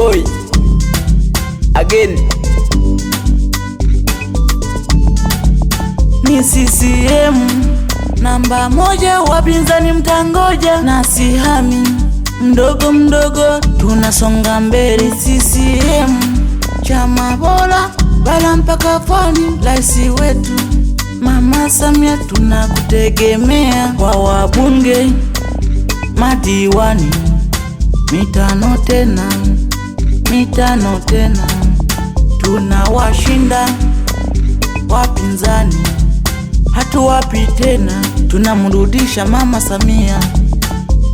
boy again. Ni CCM namba moja, wapinzani mtangoja, na sihami mdogo mdogo, tunasonga mbele. CCM chama bora bala mpaka fani, laisi wetu Mama Samia tunakutegemea, kwa wabunge madiwani mitano tena mitano tena tunawashinda wapinzani, hatuwapi tena, tunamrudisha Mama Samia.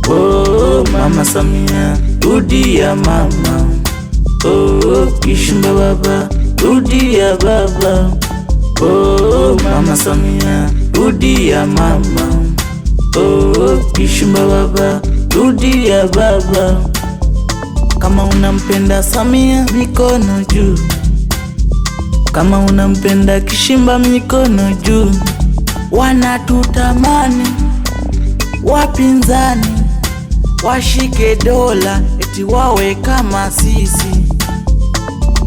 Oh, Mama Samia, rudi ya mama. Oh, kishinda baba, rudi ya baba. Oh, Mama Samia, rudi ya mama. Oh, kishinda baba, rudi ya baba. Kama unampenda Samia, mikono juu. Kama unampenda Kishimba, mikono juu. Wanatutamani wapinzani washike dola, eti wawe kama sisi.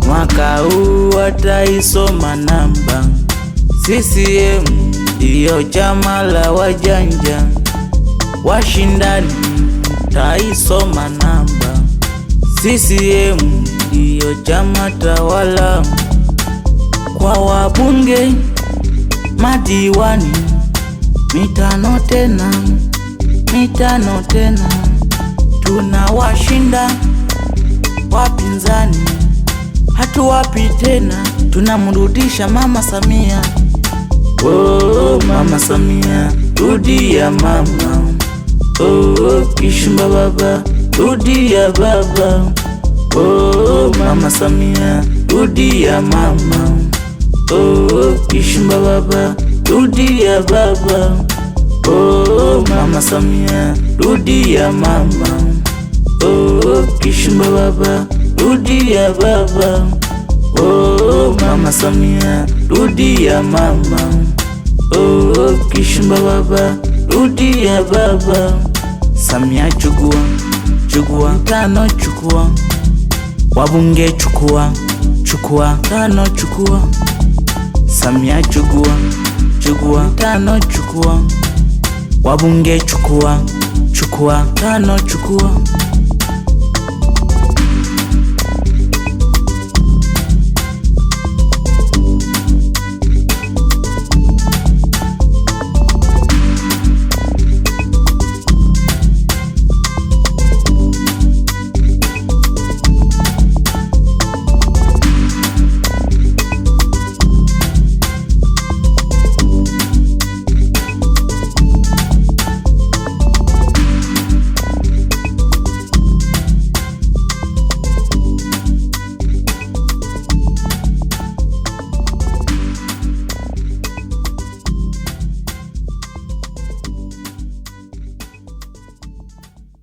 Mwaka huu wataisoma namba. CCM iyo chama la wajanja, washindani taisoma namba. CCM ndiyo chama tawala kwa wabunge, madiwani, mitano tena, mitano tena, tunawashinda wapinzani, hatuwapi tena, tunamrudisha Mama Samia. Oh, Mama Samia, rudi mama. Oh, Kishumba baba rudi ya baba oh, Mama Samia rudi ya mama oh, kishumba baba rudi ya baba oh, Mama Samia rudi ya mama oh, Kishimba baba rudi ya baba oh, Mama Samia rudi ya mama oh, kishumba baba rudi ya baba Samia chukua chukua tano chukua wabunge chukua chukua tano chukua Samia chukua chukua tano chukua wabunge chukua chukua tano chukua